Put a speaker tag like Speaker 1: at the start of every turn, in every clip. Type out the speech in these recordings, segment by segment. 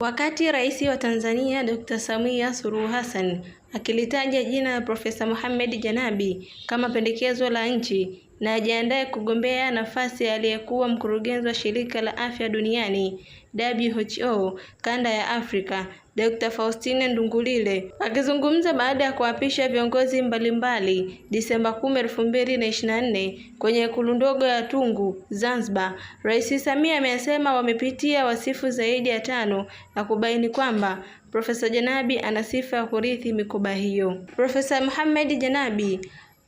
Speaker 1: Wakati Rais wa Tanzania Dr. Samia Suluhu Hassan akilitaja jina la Profesa Mohamed Janabi kama pendekezo la nchi na ajiandae kugombea nafasi ya aliyekuwa mkurugenzi wa Shirika la Afya Duniani WHO kanda ya Afrika, Dr. Faustine Ndungulile akizungumza baada ya kuapisha viongozi mbalimbali Disemba 10, 2024 kwenye ikulu ndogo ya Tungu, Zanzibar, Rais Samia amesema wamepitia wasifu zaidi ya tano na kubaini kwamba Profesa Janabi ana sifa ya kurithi mikoba hiyo. Profesa Mohamed Janabi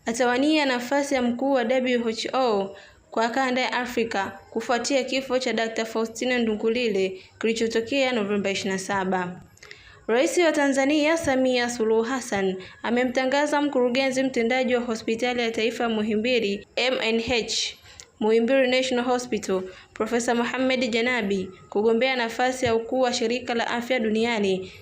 Speaker 1: atawania nafasi ya mkuu wa WHO kwa kanda ya Afrika kufuatia kifo cha Dr. faustina ndungulile kilichotokea Novemba 27. Rais wa Tanzania Samia Suluhu Hassan amemtangaza mkurugenzi mtendaji wa hospitali ya taifa ya Muhimbili MNH Muhimbili National Hospital Profesa Mohamed Janabi kugombea nafasi ya ukuu wa shirika la afya duniani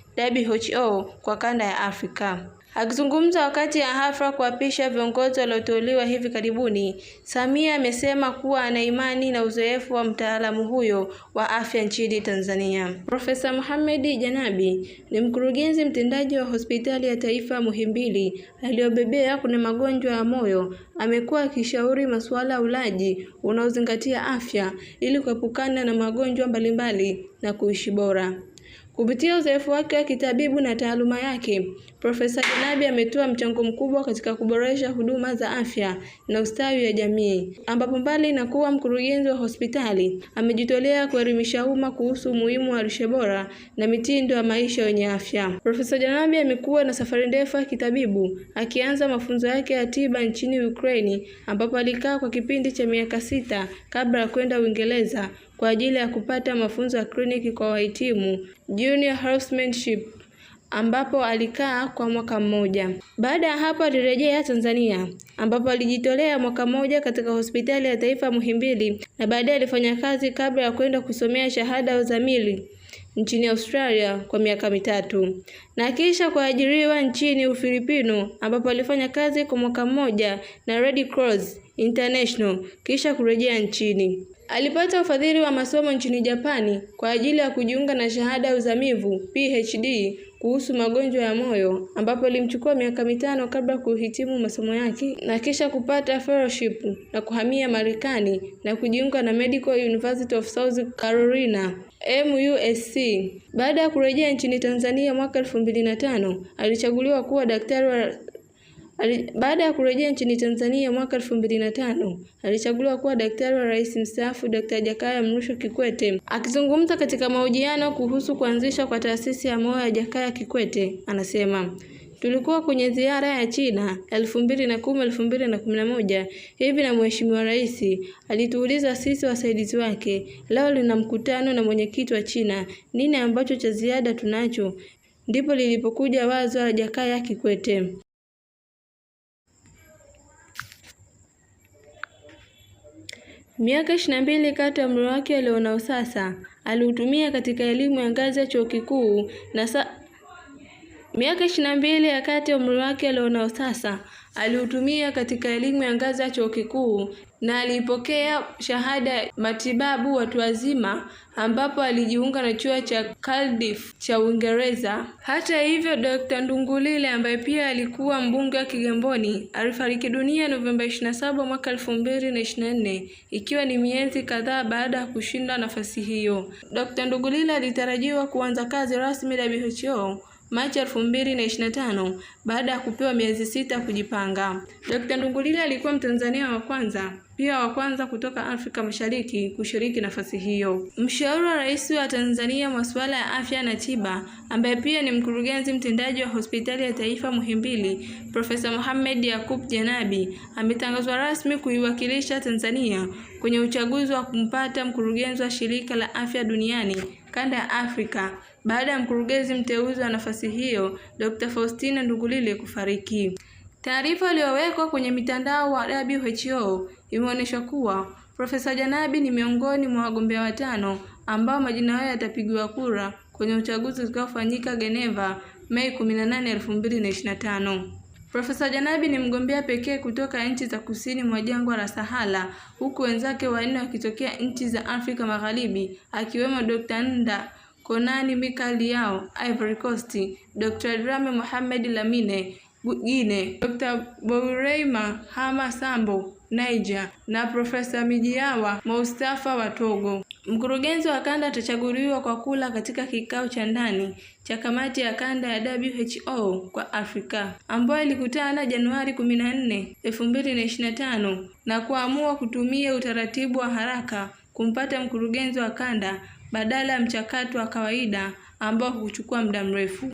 Speaker 1: WHO kwa kanda ya Afrika. Akizungumza wakati ya hafla kuapisha viongozi walioteuliwa hivi karibuni, Samia amesema kuwa ana imani na uzoefu wa mtaalamu huyo wa afya nchini Tanzania. Profesa Mohamed Janabi ni mkurugenzi mtendaji wa Hospitali ya Taifa Muhimbili aliyobebea kuna magonjwa ya moyo. Amekuwa akishauri masuala ya ulaji unaozingatia afya ili kuepukana na magonjwa mbalimbali na kuishi bora. Kupitia uzoefu wake wa kitabibu na taaluma yake, Profesa Janabi ametoa mchango mkubwa katika kuboresha huduma za afya na ustawi wa jamii, ambapo mbali na kuwa mkurugenzi wa hospitali, amejitolea kuelimisha umma kuhusu umuhimu wa lishe bora na mitindo ya maisha yenye afya. Profesa Janabi amekuwa na safari ndefu ya kitabibu, akianza mafunzo yake ya tiba nchini ukraini ambapo alikaa kwa kipindi cha miaka sita kabla ya kwenda Uingereza kwa ajili ya kupata mafunzo ya kliniki kwa wahitimu junior housemanship, ambapo alikaa kwa mwaka mmoja. Baada ya hapo alirejea Tanzania ambapo alijitolea mwaka mmoja katika hospitali ya taifa Muhimbili na baadaye alifanya kazi kabla ya kwenda kusomea shahada ya uzamili nchini Australia kwa miaka mitatu na kisha kuajiriwa nchini Ufilipino ambapo alifanya kazi kwa mwaka mmoja na Red Cross International kisha kurejea nchini. Alipata ufadhili wa masomo nchini Japani kwa ajili ya kujiunga na shahada ya uzamivu PhD kuhusu magonjwa ya moyo ambapo ilimchukua miaka mitano kabla kuhitimu masomo yake na kisha kupata fellowship na kuhamia Marekani na kujiunga na Medical University of South Carolina MUSC. Baada ya kurejea nchini Tanzania mwaka elfu mbili na tano alichaguliwa kuwa daktari wa baada ya kurejea nchini Tanzania mwaka elfu mbili na tano alichaguliwa kuwa daktari wa rais mstaafu Dr. Jakaya Mrisho Kikwete. Akizungumza katika mahojiano kuhusu kuanzishwa kwa taasisi ya moyo ya Jakaya Kikwete, anasema tulikuwa kwenye ziara ya China elfu mbili na kumi elfu mbili na kumi na moja hivi na mheshimiwa rais alituuliza sisi wasaidizi wake, leo lina mkutano na mwenyekiti wa China, nini ambacho cha ziada tunacho? Ndipo lilipokuja wazo la Jakaya Kikwete. Miaka ishirini na mbili kati ya umri wake alionao sasa aliutumia katika elimu ya ngazi ya chuo kikuu na sa... miaka ishirini na mbili ya kati ya umri wake alionao sasa aliutumia katika elimu ya ngazi ya chuo kikuu na aliipokea shahada matibabu watu wazima ambapo alijiunga na chuo cha Cardiff cha Uingereza. Hata hivyo, Dr. Ndungulile ambaye pia alikuwa mbunge wa Kigamboni alifariki dunia Novemba 27 mwaka 2024 ikiwa ni miezi kadhaa baada ya kushinda nafasi hiyo. Dr. Ndungulile alitarajiwa kuanza kazi rasmi WHO Machi elfu mbili na ishirini na tano baada ya kupewa miezi sita kujipanga. Dr. Ndungulile alikuwa Mtanzania wa kwanza pia wa kwanza kutoka Afrika Mashariki kushiriki nafasi hiyo. Mshauri wa Rais wa Tanzania masuala ya afya na tiba, ambaye pia ni mkurugenzi mtendaji wa Hospitali ya Taifa Muhimbili, Profesa Mohamed Yakub Janabi ametangazwa rasmi kuiwakilisha Tanzania kwenye uchaguzi wa kumpata mkurugenzi wa Shirika la Afya Duniani kanda ya Afrika baada ya mkurugenzi mteuzi wa nafasi hiyo Dr. Faustina Ndugulile kufariki. Taarifa iliyowekwa kwenye mitandao wa WHO imeonyesha kuwa Profesa Janabi ni miongoni mwa wagombea watano ambao majina yao yatapigiwa kura kwenye uchaguzi utakaofanyika Geneva Mei 18, 2025. Profesa Janabi ni mgombea pekee kutoka nchi za kusini mwa jangwa la Sahara, huku wenzake wanne wakitokea nchi za Afrika Magharibi, akiwemo Dr. Nda Konani Mikali Yao, Ivory Coast, Dr. Drame Mohamed Lamine Gwigine, Dr. Boureima Hama Sambo Niger na Profesa Mijiawa Mustafa wa Togo. Mkurugenzi wa kanda atachaguliwa kwa kula katika kikao cha ndani cha kamati ya kanda ya WHO kwa Afrika ambayo ilikutana Januari 14, 2025 na kuamua kutumia utaratibu wa haraka kumpata mkurugenzi wa kanda badala ya mchakato wa kawaida ambao huchukua muda mrefu.